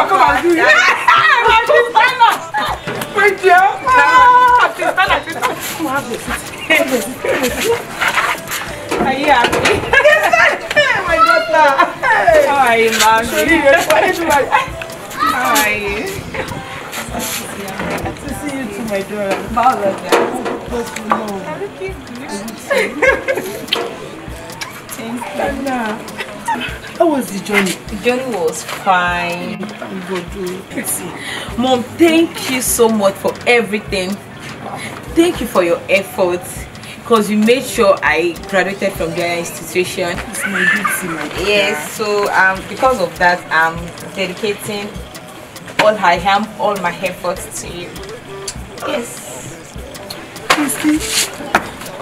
what come and do it. My sister, my dear, my sister, my sister. Come have a seat. Are you happy? My daughter. How are you, mommy? Sorry, you're funny too much. How are you? To see you to my daughter. Bowler, I'm looking good. Thank you. Thank you. How was the journey? The journey was fine. Good. Mom, thank you so much for everything. Thank you for your efforts. Because you made sure I graduated from their institution. It's my duty, my dear. Yes, so um, because of that, I'm dedicating all I am, all my efforts to you. Yes. Christy,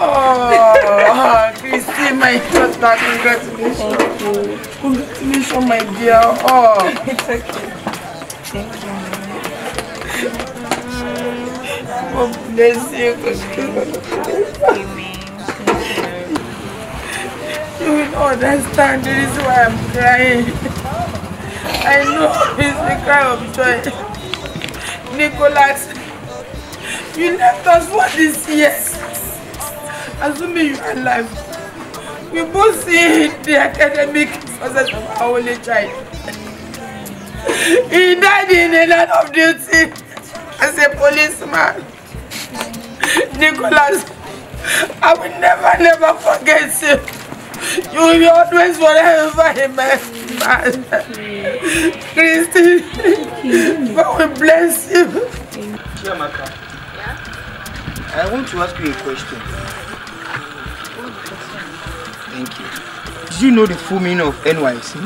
Oh, Christy, my daughter, congratulations. Congratulations, my dear. Oh. It's okay. Thank you. God bless you. Amen. You You will understand This is why I'm crying. I know it's the cry of joy. Nicholas, you left us for this year. Assuming you are alive, we both see the academic success of our only child. He died in a line of duty as a policeman. Nicholas, I will never, never forget you. You will be always forever in my mind. Christy, God will bless you. Chiamaka, yeah? I want to ask you a question. Thank you. Did you know the full meaning of NYC?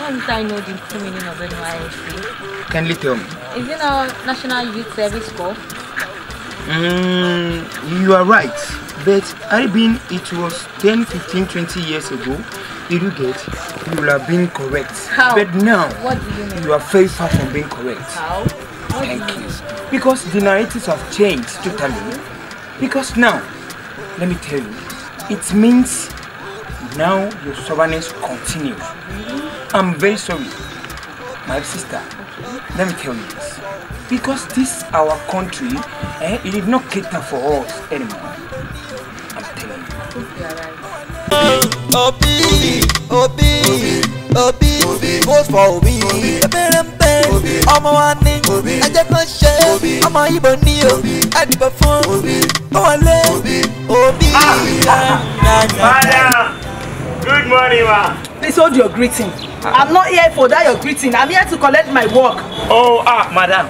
Why did I know the full meaning of NYC? Kindly tell me. Is it our National Youth Service Corps? Mm, you are right. But I been it was 10, 15, 20 years ago. Did you get? You will have been correct. How? But now, what do you, mean? you are very far from being correct. How? What Thank you. mean? Because the narratives have changed totally. Because now, let me tell you, it means now your stubbornness continues. I'm very sorry, my sister. Let me tell you this. Because this our country, eh, it did not cater for us anymore. I'm telling you. Obi, Obi, Obi. Obi vote for òbí ẹ̀bẹ̀rẹ̀ ń bẹ̀rẹ̀ ọmọ wa ní ẹjẹ́ kan ṣe ọmọ ibo ní o ẹ̀dìbò fún ọwọ́lé òbí. Madam, good morning ma. Please hold your greeting. I'm not here for that your greeting. I'm here to collect my work. Oh, ah, madam,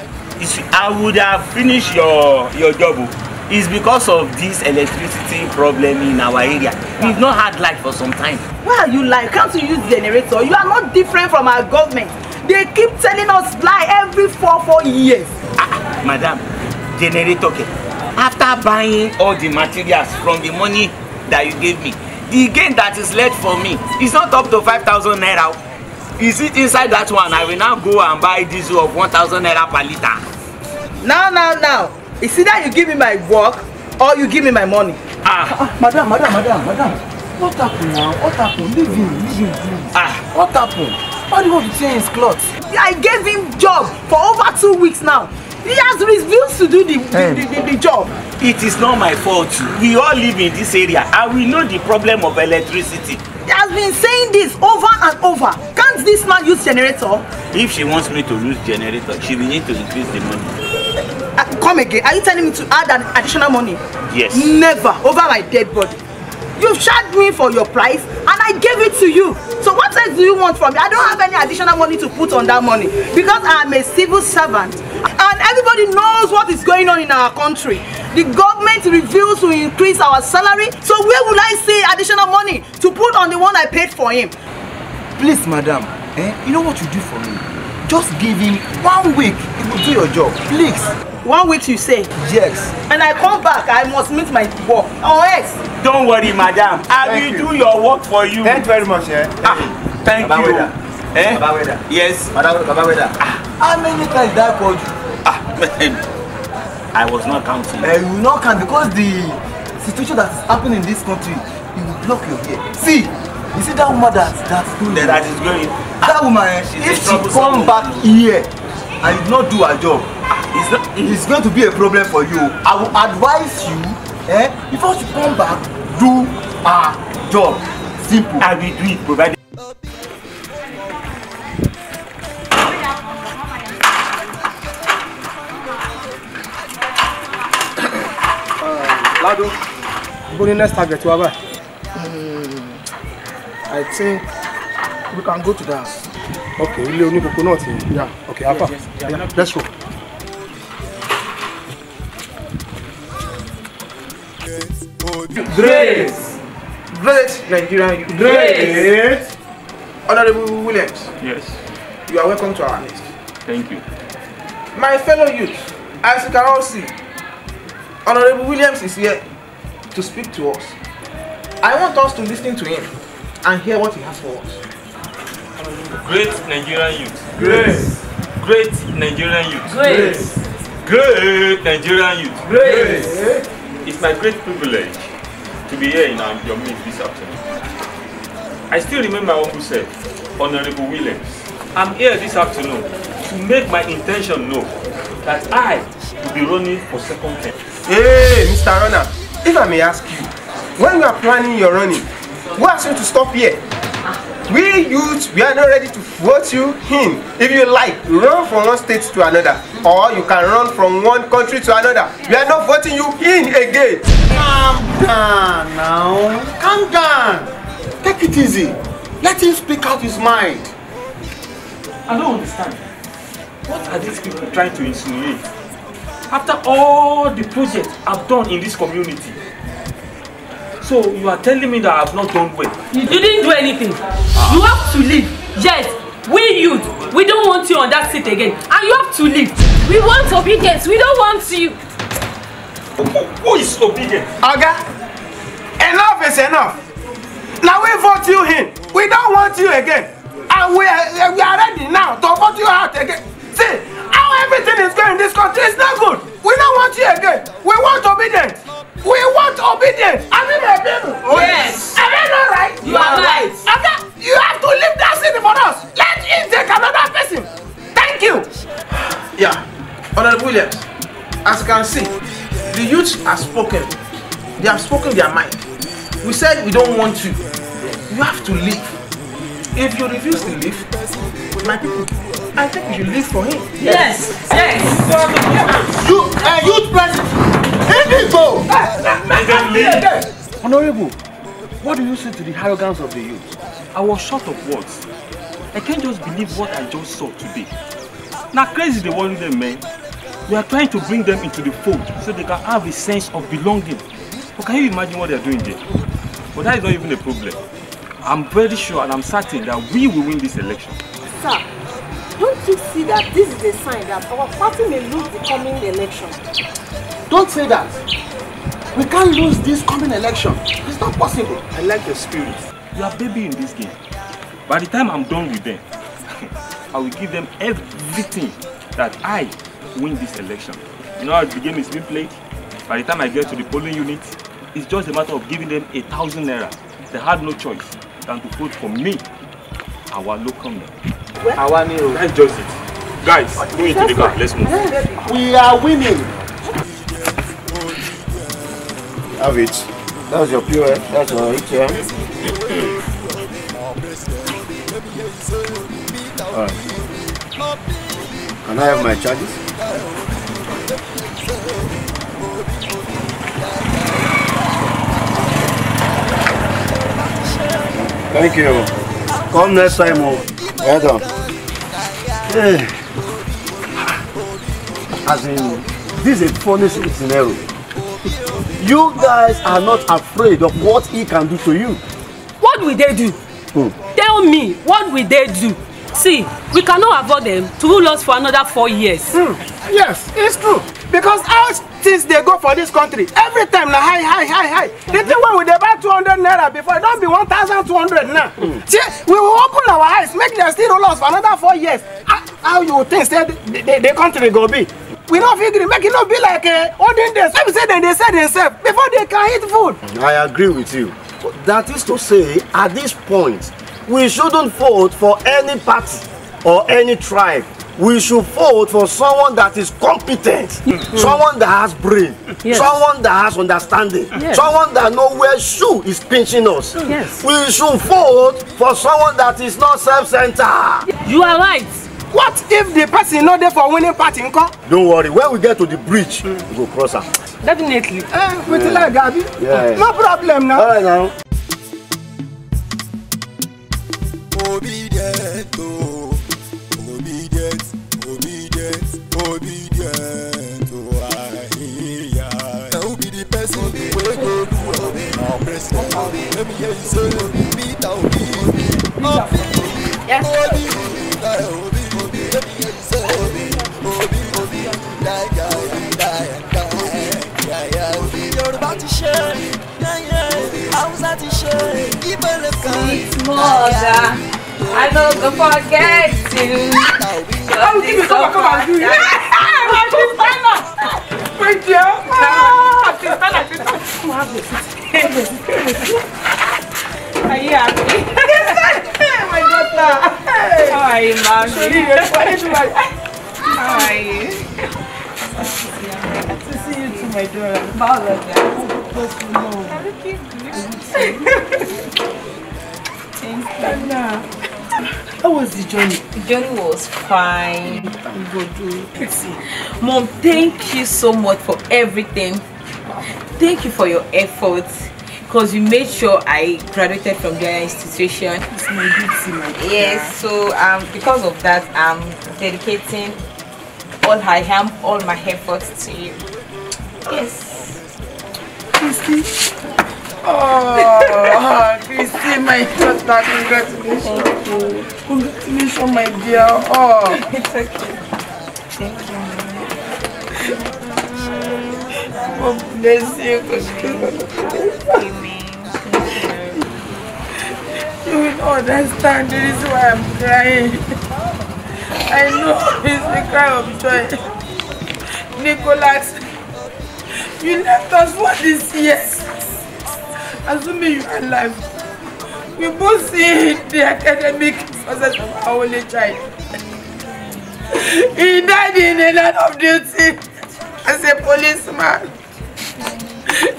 I would have finished your, your job. Oh is because of this electricity problem in our area we've not had light for some time. why are you lying? can't you use generator you are not different from our government they keep telling us lie every four four years. Ah, ah madam generator Okay. after buying all the materials from the money that you gave me the gain that is left for me is not up to five thousand naira is it inside that one i will now go and buy diesel of one thousand naira per liter. now now now It's either you give me my work or you give me my money. Ah, ah, ah madam, madam, madam, madam. What happened now? What happened? Leave him, leave him, please. Ah, what happened? Why do you want to change his clothes? I gave him job for over two weeks now. He has refused to do the, the, the, the, the job. It is not my fault. We all live in this area and we know the problem of electricity. He has been saying this over and over. Can't this man use generator? If she wants me to use generator, she will need to increase the money. Uh, come again. Are you telling me to add an additional money? Yes. Never. Over my dead body. You charged me for your price and I gave it to you. So what else do you want from me? I don't have any additional money to put on that money because I am a civil servant and everybody knows what is going on in our country. The government refused to increase our salary. So where would I see additional money to put on the one I paid for him? Please, madam, eh, you know what you do for me? Just give him one week, he will do your job. Please one week you say. yes. and i come back i must meet my work or oh, else. don't worry madam i thank will you. do your work for you. thank you very much. Eh? ah thank you. Weda. Eh? Baba yes. Baba, ah how many times did i call you. ah i was not counting. Uh, you no count because the situation that is happening in this country you will block your ear. see you see that woman that that do that, that is going. that woman eh if she come back here and you no do her job it's, not, it's going to be a problem for you. I will advise you, eh, before you come back, do our job. Simple. I will do it, provided. Lado, go to next target, Waba. Hmm, I think we can go to dance. Okay, ilé oníkókó náà ti. Yeah, okay, Alpha. Yes, yes, yeah, yeah. Let's go. road. Great. Great Nigerian youth. Great. Honorable Williams. Yes. You are welcome to our list. Thank you. My fellow youth, as you can all see, Honorable Williams is here to speak to us. I want us to listen to him and hear what he has for us. Great Nigerian youth. Great, Great Nigerian youth. Great, Great Nigerian youth. Great. It's my great privilege to be here in uh, your midst this afternoon. I still remember what you said, Honorable Williams. I'm here this afternoon to make my intention known that I will be running for second term. Hey, Mr. Runner, if I may ask you, when you are planning your running, who asked you to stop here? We youth, we are not ready to vote you in. If you like, run from one state to another, or you can run from one country to another. We are not voting you in again. Calm down now. Calm down. Take it easy. Let him speak out his mind. I don't understand. What are these people trying to insinuate? After all the projects I've done in this community, So you are telling me that I have not done well? You didn't do anything. Ah. You have to leave. Yes, we youth, we don't want you on that seat again. And you have to leave. We want obedience. We don't want you. Who, who is obedient? Aga. enough is enough. Now we vote you in. We don't want you again. And we are, we are ready now to vote you out again. See, How everything is going in this country is not good. We don't want you again. We want obedience. We want obedience. I mean, my people. yes. Am I not right? You, you are right. Okay. You have to leave that city for us. Let him take another person. Thank you. Yeah. Honorable Williams, as you can see, the youth have spoken. They have spoken their mind. We said we don't want you. You have to leave. If you refuse to leave, my people, I think you should leave for him. Yes, yes. You, a youth president, leave him go. Honorable, what do you say to the arrogance of the youth? I was short of words. I can't just believe what I just saw today. Now crazy the worry them, man. We are trying to bring them into the fold so they can have a sense of belonging. But can you imagine what they are doing there? But that is not even a problem. I'm very sure and I'm certain that we will win this election. Sir, don't you see that this is a sign that our party may lose the coming election? Don't say that. We can't lose this coming election. It's not possible. I like your spirit. You are baby in this game. By the time I'm done with them, I will give them everything that I win this election. You know how the game is being played? By the time I get to the polling unit, it's just a matter of giving them a thousand naira. They had no choice than to vote for me àwa ló kàn mí. àwa ni just it guys go into the car let's move. we are winning. have it that's your pure. that's your ATM. All right. Can I have my charges? Thank you. Come next time. Well done. Hey. As in, this is a funny scenario. You guys are not afraid of what he can do to you. What will they do? Hmm. Tell me, what will they do? See, we cannot afford them to rule us for another four years. Hmm. Yes, it's true. Because as things dey go for dis country every time na high high high high the thing wey we dey buy hundred naira before don be one thousand two hundred now see we will open our eyes make dem still roll us for another four years how you think say the country go be we no fit gree make e no be like eh, olden days wey be say dem dey sell themselves before they can eat food i agree with you that is to say at this point we shouldn't vote for any party or any tribe we should vote for someone that is competent mm. someone that has brain yes. someone that has understanding yes. someone that know where shoe is pinching us yes. we should vote for someone that is not self-centered. you are right. what if the person no dey for winning party nko. don't worry when we get to the bridge mm. we go cross am. definitely. eh wetin like abi. no problem na. all right now. obi dey to. obedient to Ahia. Now be the person we go do our president. Let me hear you say, Obi, that Obi, Obi, Obi, that Obi, Obi. Let me hear you say, Obi, Obi, Obi, that guy, that guy, yeah, yeah. Yoruba ti ṣe, yeah, yeah. Hausa ti ṣe, Ibo le kan, yeah, yeah. I don't go forget you. Oh, give me come on, come on, do it. My dear, my sister, my sister. Are you happy? my daughter. How are you, mommy? How are you? To see you to my daughter. Bother them. Thank you. Thank you. How was the journey? The journey was fine. Mom, thank you so much for everything. Thank you for your efforts. Because you made sure I graduated from their institution. It's my duty, my dear. Yes, so um, because of that, I'm dedicating all I am, all my efforts to you. Yes. Christy. Oh my first that Congratulations. Thank you. Congratulations, my dear. Oh. it's okay. Thank you. God bless you. Amen. You will understand This is why I'm crying. I know it's the cry of joy. Nicholas, you left us for this year. Assuming you are alive. We both see the academic success of our only child. He died in a line of duty as a policeman.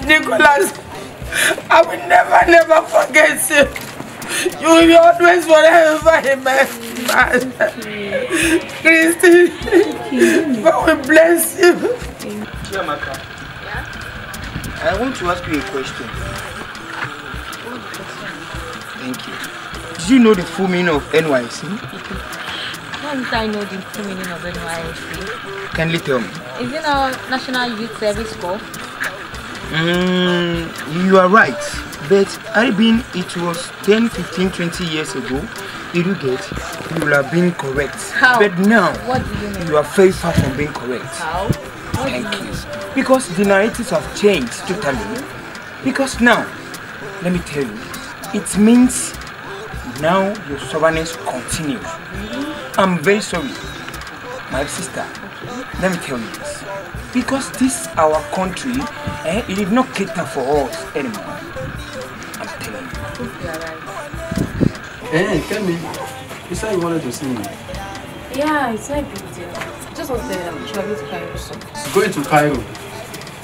Nicholas, I will never, never forget you. You will be always forever in my mind. Christy, God will bless you. Chiamaka, yeah? I want to ask you a question. Thank you. Did you know the full meaning of NYC? Why did I know the full meaning of NYC? Kindly tell me. Is it our National Youth Service Corps? Mm, you are right. But I been it was 10, 15, 20 years ago. Did you get? You will have been correct. How? But now, what do you, mean? you are very far from being correct. How? What Thank you. you. Because the narratives have changed totally. Because now, let me tell you, it means now your stubbornness continues. I'm very sorry, my sister. Let me tell you this. Because this our country, eh, it did not cater for us anymore. I'm telling you. You are right. you said you wanted to see me. Yeah, it's like a big deal. Just was there, I'm traveling to Cairo. So. Going to Cairo?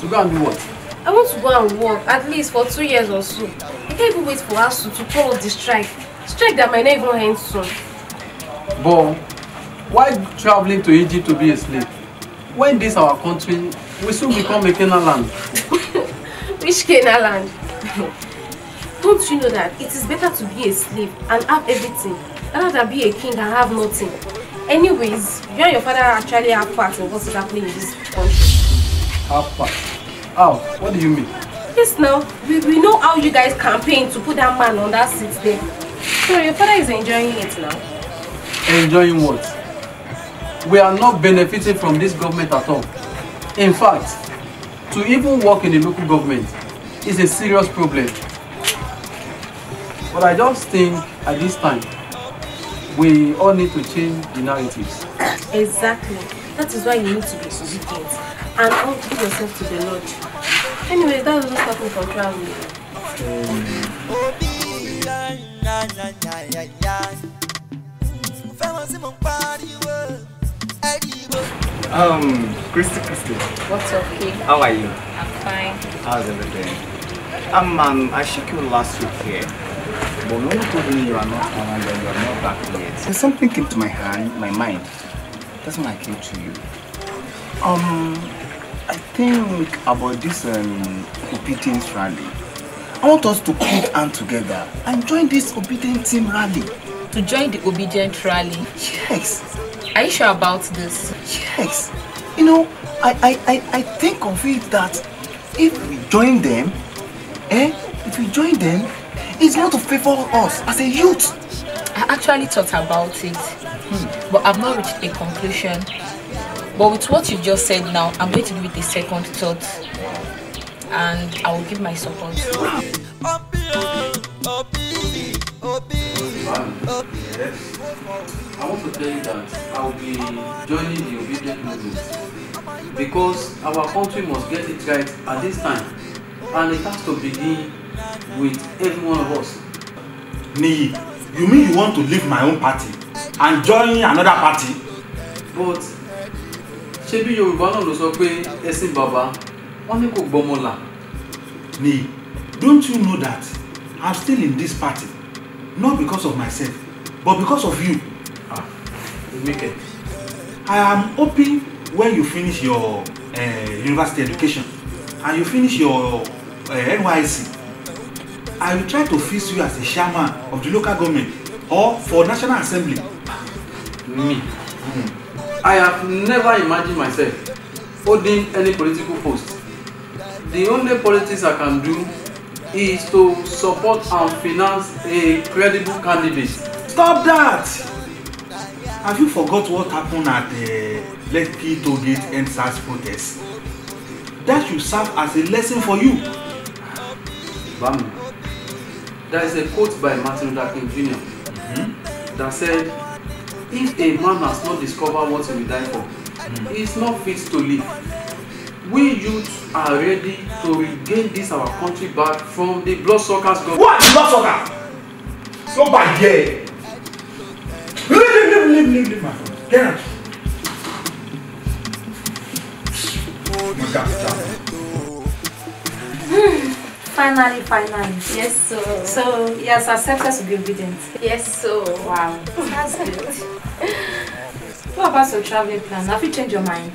To go and do what? I want to go and work at least for two years or so. I can't even wait for us to call the strike. Strike that might not even end soon. But why traveling to Egypt to be a slave? When this our country, we soon become a Canaan land. Which Canaan land? Don't you know that it is better to be a slave and have everything rather than be a king and have nothing? Anyways, you and your father actually have part in what is happening in this country. Have part? How? What do you mean? Yes, now. We, we know how you guys campaigned to put that man on that seat there. So your father is enjoying it now. Enjoying what? We are not benefiting from this government at all. In fact, to even work in the local government is a serious problem. But I just think at this time, we all need to change the narratives. Exactly. That is why you need to be obedient and all give yourself to the Lord. Anyway, that doesn't stop me from traveling. Um, Christy, Christy. What's up, kid? How are you? I'm fine. How's everything? Um, um, I shook you last week here. But no one told me you are not coming and you are not back yet. And something came to my hand, my mind. That's when I came to you. Um, I think about this um, rally. I want us to put hands together and join this obedient team rally. To join the obedient rally? Yes. Are you sure about this? Yes. You know, I, I, I, I think of it that if we join them, eh, if we join them, it's going to favor us as a youth. I actually thought about it, hmm. but I've not reached a conclusion. But with what you just said now, I'm going to give it a second thought and I will give my support. Yes. I want to tell you that I will be joining the obedient movement because our country must get it right at this time and it has to begin with every one of us. me. You mean you want to leave my own party and join another party? But ṣé bí Yorùbá náà ló sọ pé ẹ̀sìn bàbá wọn ní kò gbọ́mọ là. Ni, don't you know that I'm still in this party not because of myself but because of you. Ah, you make it. I am hoping when you finish your uh, university education and you finish your uh, eh, NYSC I will try to fix you as a chairman of the local government or for national assembly. Me, mm. I have never imagined myself holding any political post. The only politics I can do is to support and finance a credible candidate. Stop that! Have you forgot what happened at the Lekki Tollgate Endsars protest? That should serve as a lesson for you. Bami, There is a quote by Martin Luther King Jr. Mm-hmm. that said, If a man has not discovered what he will die for, mm-hmm. he is not fit to live. We youths are ready to regain this our country back from the bloodsuckers government. What bloodsucker? So bad, yeah. Leave, leave, leave, leave, leave, my friend. Get out. My God, stop. Hmm. Finally, finally. Yes, so. So he has to be obedient. Yes, so. Wow, that's good. what about your traveling plan? Have you changed your mind?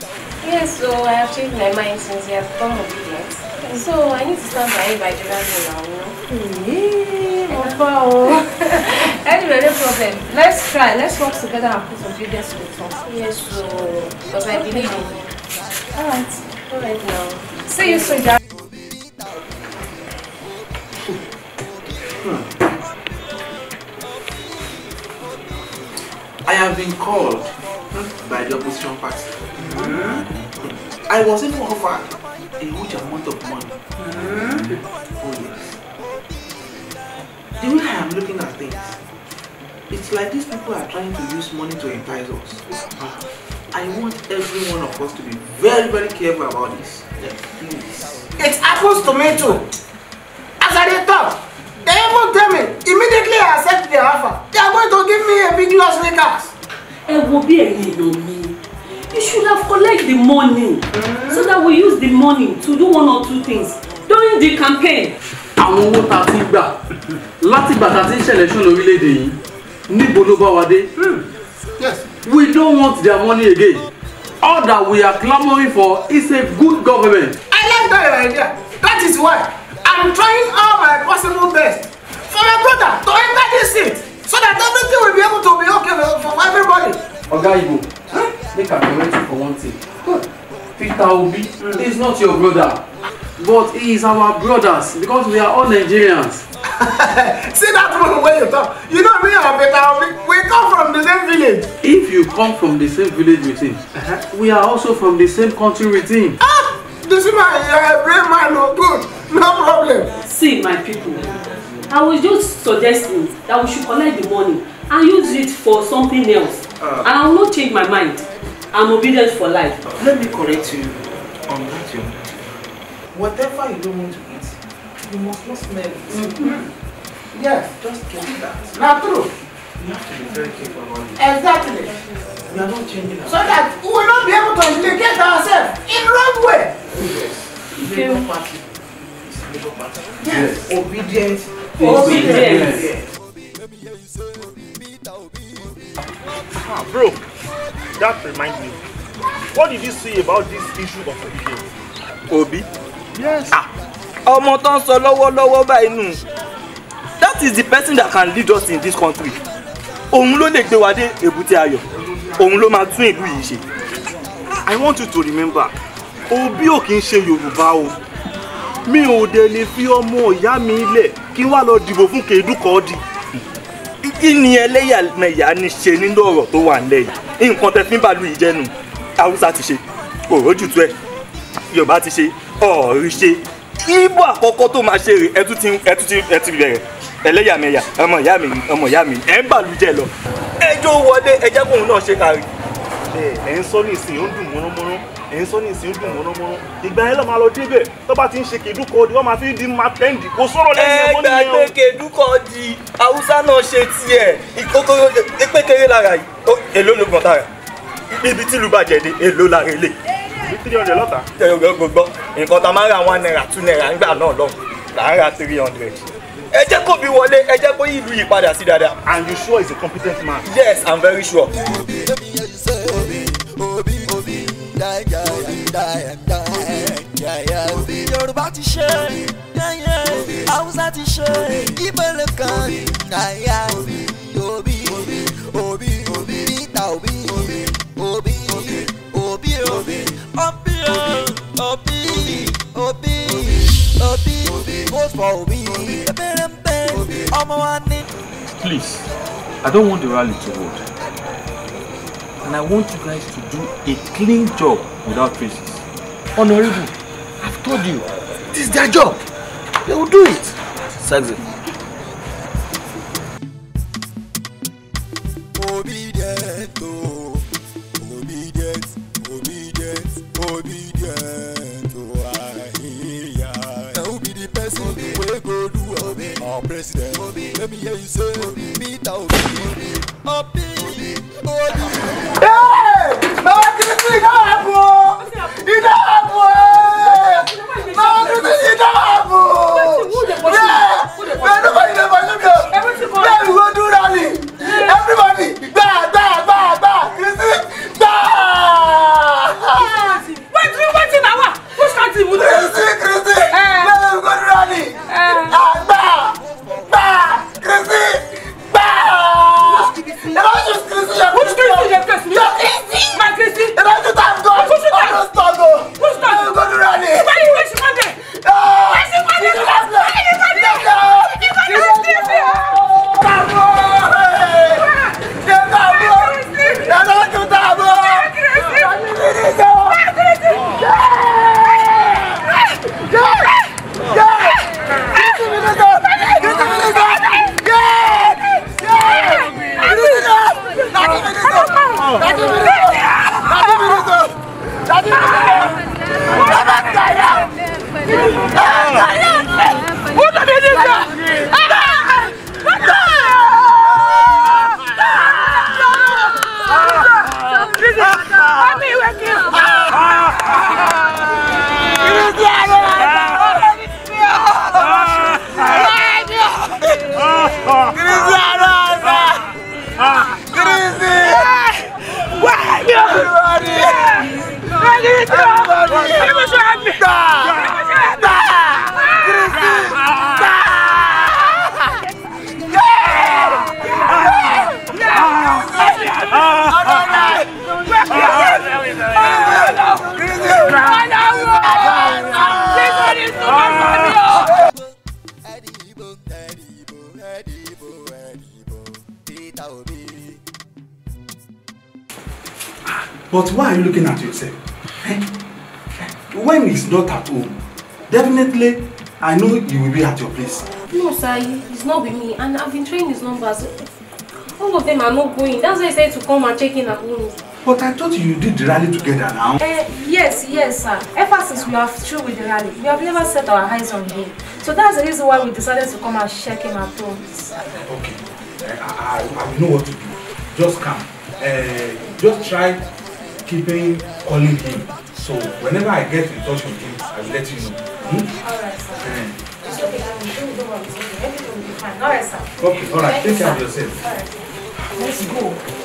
Yes, so I have changed my mind since you have become obedient. Mm. So I need to start my by Jonathan now, you know. Yeah, oh. anyway, no problem. Let's try. Let's work together and put some videos to the top. Yes, so. Because I believe in Alright. Alright now. See you soon, guys. have been called hmm, by the opposition party. Mm. I was even offered a huge amount of money. Mm. Oh yes. The way I am looking at things, it's like these people are trying to use money to entice us. I want every one of us to be very, very careful about this. Yes. Please. It's apples too. As I dey talk, they even tell me immediately I accept their offer. They are going to give me a big loss makers ẹ wo bí ẹ̀yin èèyàn mi you should have collect the money so that we use the money to do one or two things during the campaign. àwọn owó tá ti gbà láti gbàtà tí ìṣẹ̀lẹ̀ ṣùn lórílẹ̀‐èdè yìí níbo ló bá wa dé. Hmm. we don't want their money again all that we are clamoring for is a good government. i like that idea that is why i'm trying all my possible best for my brother to enter this seat so that everything will be able to be okay for, everybody. Oga Igbo, huh? make I correct you for one thing. Peter Obi is not your brother, but he is our brothers because we are all Nigerians. See that one where you talk. You know me and Peter Obi, we come from the same village. If you come from the same village with him, uh-huh. we are also from the same country with him. Ah, this man, you're uh, a brave man, no good, no problem. See, my people. I was just suggesting that we should collect the money and use it for something else. Uh, and I will not change my mind. I'm obedient for life. Ah. Let me correct you on that young Whatever you don't want to eat, you must not smell it. Mm -hmm. Yes, just get that. Not true. You have to be very careful about it. Exactly. We are not changing So that we will not be able to educate ourselves in wrong way. Yes. Labour party. It's party. Yes. yes. Obedient Obedience. Ah, bro, that reminds me. What did you say about this issue of obedience? Obi? Yes. Ah, ọmọ tó ń sọ lọ́wọ́lọ́wọ́ báyìí nù. That is the person that can lead us in this country. Òun ló lè gbé wa dé èbúté ayọ̀. Òun ló máa tún ìlú yìí ṣe. I want you to remember, Obi ò kì í ṣe o mi ò dé lè fi ọmọ ìyá mi lẹ̀ kí n wá lọ dìbò fún kèédú kọ́ di. kí ni ẹlẹ́yàmẹ̀yà ni ṣe nínú ọ̀rọ̀ tó wà nílẹ̀ yìí nǹkan tẹ fi ń bàlú yìí jẹ́nu haúsá ti ṣe òrójútu ẹ̀ yorùbá ti ṣe ọ̀ọ́rí ṣe ibo àkọ́kọ́ tó máa ṣe rè ẹtú ti ẹtú ti ẹtú bẹ̀rẹ̀ ẹlẹ́yàmẹ̀yà ọmọ ìyá mi ọmọ ìyá mi ẹ̀ ń bàlú jẹ́ lọ ẹjọ́ wọlé ẹjẹ́ kóun náà ṣe kárí. bẹ́ẹ̀ ẹ̀ ń sọ ní ìsìn ó ń dùn mọ́nrán sọ ní ìsìn dùn mọ́nàmọ́ná ìgbà yẹn lọ́ọ́ máa lọ débẹ̀ tó bá ti ń ṣe kèdúkọ di wọ́n máa fi di matẹ́ndì kò sọ̀rọ̀ lẹ́yìn ẹ̀mọ́ nìyẹn o. ẹgbẹ́ kèdúkọ di haúsá náà ṣe tiẹ̀ ìkókó ẹgbẹ́ lára yìí èló ló gbọ̀n tára ibi tí ìlú bàjẹ́ dé èló lára ilé. three hundred lọ́ta. gbogbo bí wọlé ẹ jẹ́ kó ìlú yìí padà sí dáadáa. and you sure he's a competent man. yes i'm very sure òbí yorùbá ti ṣe haúsá ti ṣe ìbẹ̀rẹ̀ kan náírà òbí òbí níta òbí òbí òbí òbí òbí òbí òbí òbí vote for òbí ẹbẹrẹ ń bẹ ọmọ wa ní. Please, I don't want the rally to hold and I want you guys to do a clean job without traces. Honorable, I've told you, this is their job. They will do it. Sexy. Obedient, oh, obedient, obedient, obedient, oh, I hear ya. Now be the person we go our president. Let me hear you say, Peter Obi. Obi. Obi. Obi. Hey! Mama Kiriti, you don't have one! You don't have one! Mama Kiriti, you don't have one! Yeah! Man, nobody never knew me. Let me go do rally. Everybody, da, da, da, da. Kiriti, da! Wait, wait, wait, now what? What's that? Kiriti, Kiriti. Let me go do rally. Ah, Bah! Крысы! Bah! Рожу с крысы! Пусть крысы, я крысы! Я крысы! Ма крысы! Рожу там го! Пусть там! Рожу там го! Пусть там! Рожу там го! Смотри, вы же мандер! Вы же мандер! Вы же мандер! Вы же мандер! Вы же мандер! why are you looking at yourself? Eh? eh? When he's not at home, definitely I know you will be at your place. No, sir, he's not with me, and I've been trying his numbers. All of them are not going. That's why I said to come and check in at home. But I thought you did the rally together now. Uh, yes, yes, sir. Ever since we have through with the rally, we have never set our eyes on him. So that's the reason why we decided to come and check him at home. Okay. Uh, I, I, I know what to do. Just come. Uh, just try keeping calling him. So whenever I get in touch with him, I'll let you know. Hmm? All sir. Mm. It's okay. I'm will do what I'm doing. Everything will be fine. Alright, sir. Okay. Alright, Take care of yourself. Alright, Let's go.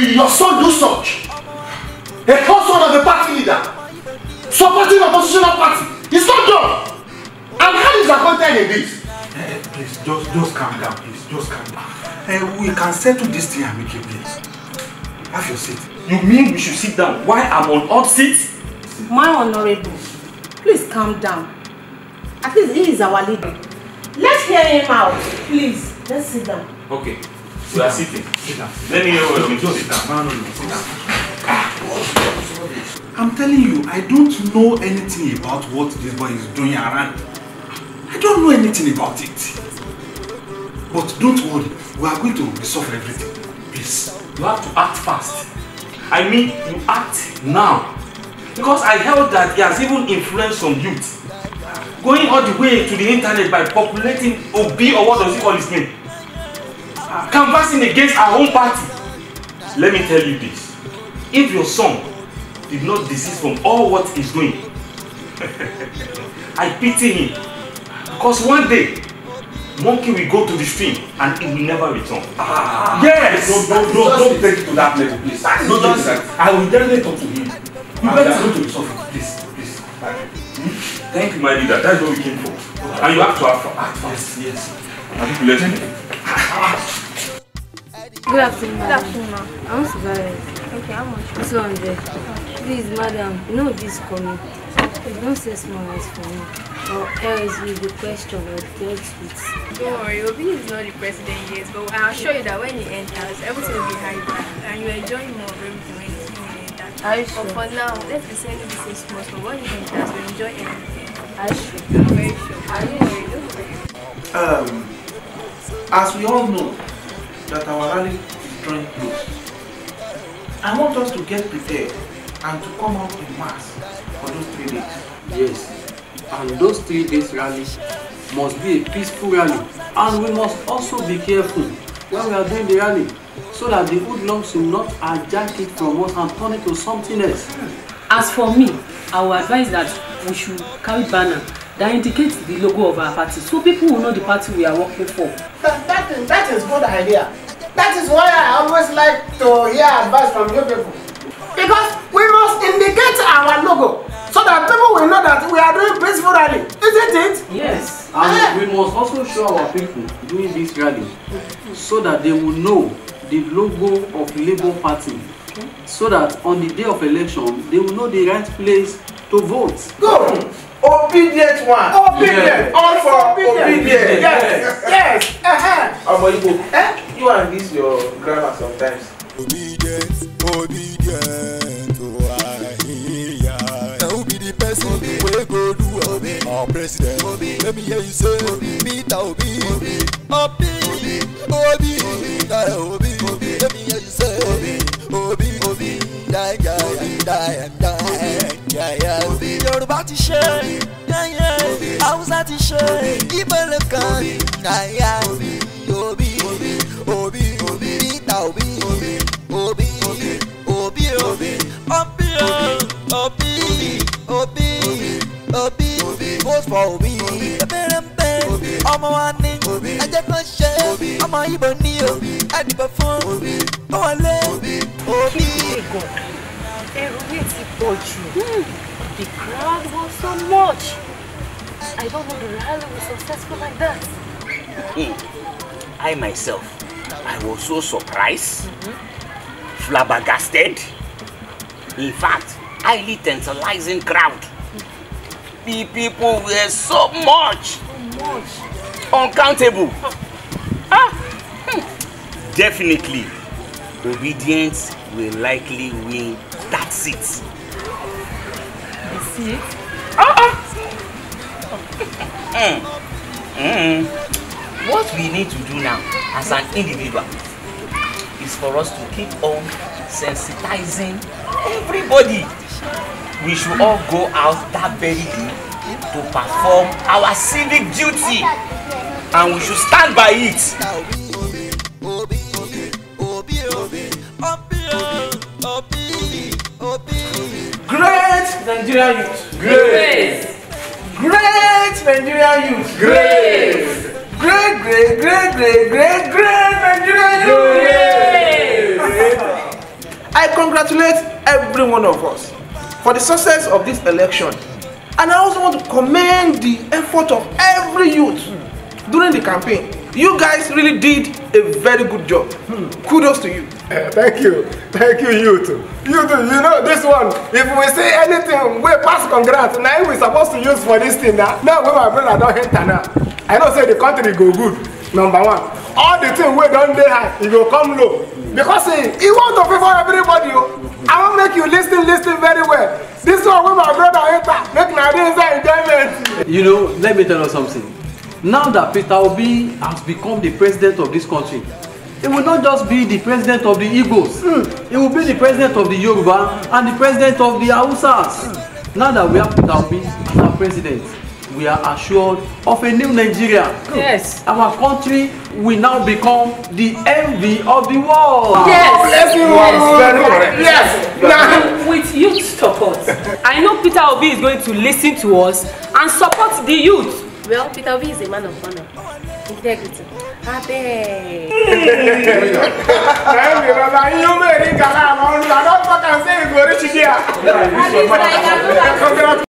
will your son do such? A person of a party leader supporting oppositional party It's not done. And how is appointed in this? Uh, eh, eh, please, just, just calm down, please, just calm down. Uh, we can settle this thing and make it amicably. Have your seat. You mean we should sit down while I'm on odd seat? My honorable, please calm down. At least he is our leader. Let's hear him out, please. Let's sit down. Okay, we are sitting down. Let me know what Just sit down. No, no, no. Sit down. I'm telling you, I don't know anything about what this boy is doing around. I don't know anything about it. But don't worry, we are going to resolve everything. Please. You have to act fast. I mean, you act now. Because I heard that he has even influenced some youth. Going all the way to the internet by populating Obi or what does he call his name? canvassing against our own party. Let me tell you this. If your son did not desist from all what he's doing, I pity him. Because one day, monkey will go to the stream and he will never return. Ah, yes! No, no, no, don't take it to that level, please. That no, don't I will definitely talk to him. You better go to the surface, please, please. Thank you, my leader. That's what we came for. And you have to act fast. Yes, yes. I you let Good afternoon. Good afternoon, ma'am. I want to buy Okay, how much? This one Please, madam, no know this coming. You don't say small eyes for me. Or else you'll be questioned or dealt with. Don't worry, Obi is not the president yet, but I assure you that when he enters, everything will be high and you enjoy more everything when he enters. Are you sure? But for now, let's be sending this six months, but when he enters, we'll enjoy everything. Are sure? I'm very sure. Are you sure? Um as we all know that our rally is drawing close, I want us to get prepared and to come out in mass for those three days. Yes, and those three days rally must be a peaceful rally and we must also be careful when we are doing the rally so that the hoodlums will not hijack it from us and turn it to something else. As for me, I will advise that we should carry banner that indicates the logo of our party so people will know the party we are working for. That, that, is, that is good idea. That is why I always like to hear advice from you people. Because we must indicate our logo so that people will know that we are doing peaceful rally, isn't it? Yes, and yeah. Uh-huh. we must also show our people doing this rally so that they will know the logo of Labour Party so that on the day of election they will know the right place to vote. Good obedient one. obedient yeah. all for obedient. obedient. yes yes. Uh-huh. ọmọ igbo eh? you and this your grammar sometimes. obedient obedient to oh, ahiya. na who be the person wey go do our president. let me hear you say peter obi obi obi obi let me hear you say obi. Die die jẹ́jẹ́ ìdá ẹ̀dá Obi, Yorùbá ti ṣe yẹ́yẹ́ Hausa ti ṣe ìbẹ̀rẹ̀ kan Obi, Obi, Obi, níta Obi, Obi, oh. Obi, oh. Obi, Obi, Obi, Obi, Obi, vote for Obi, ẹ̀bẹ̀rẹ̀ ń bẹ̀ ọmọ wa ní ẹ̀jẹ̀ kan ṣe ọmọ Ìgbò ní o ẹ̀dìbò fún ó wọlé. ẹrù mi ti pọ̀ the crowd was so much I don't know the rally was successful like that. I myself I was so surprised mm -hmm. flabbergasted in fact highly tantalizing crowd the people were so much, so much. uncountable. ah. Hmm. Definitely obedience will likely win that seat. Is it? Oh, oh. mm. Mm. What we need to do now as an individual is for us to keep on sensitizing everybody. We should all go out that very day to perform our civic duty and we should stand by it. Great Nigerian youth. Great, Great Nigerian youth. Grace. Great, great, great, great, great, great Nigerian youth. I congratulate every one of us for the success of this election. And I also want to commend the effort of every youth during the campaign you guys really did a very good job. Hmm. Kudos to you. Uh, thank you. Thank you, you too. You too. You know, this one, if we say anything, we pass congrats. Now we supposed to use for this thing now. Now when my brother don't enter now. I know say the country go good, number one. All the thing we don't dey high, it e go come low. Because he, he want to favor everybody. Oh. I want make you listen, listen very well. This one when my brother enter, make my inside enjoyment. You know, let me tell you something now that Peter Obi has become the president of this country, he will not just be the president of the Igbos, mm. he will be the president of the Yoruba and the president of the Hausas. Mm. Now that we have Peter Obi as our president, we are assured of a new Nigeria. Yes. Our country will now become the envy of the world. Yes. Bless Yes. yes. Now, with youth support, I know Peter Obi is going to listen to us and support the youth Well, Peter Obi is a man of honor. Integrity. Abe. Naomi, Baba, you made Congratulations.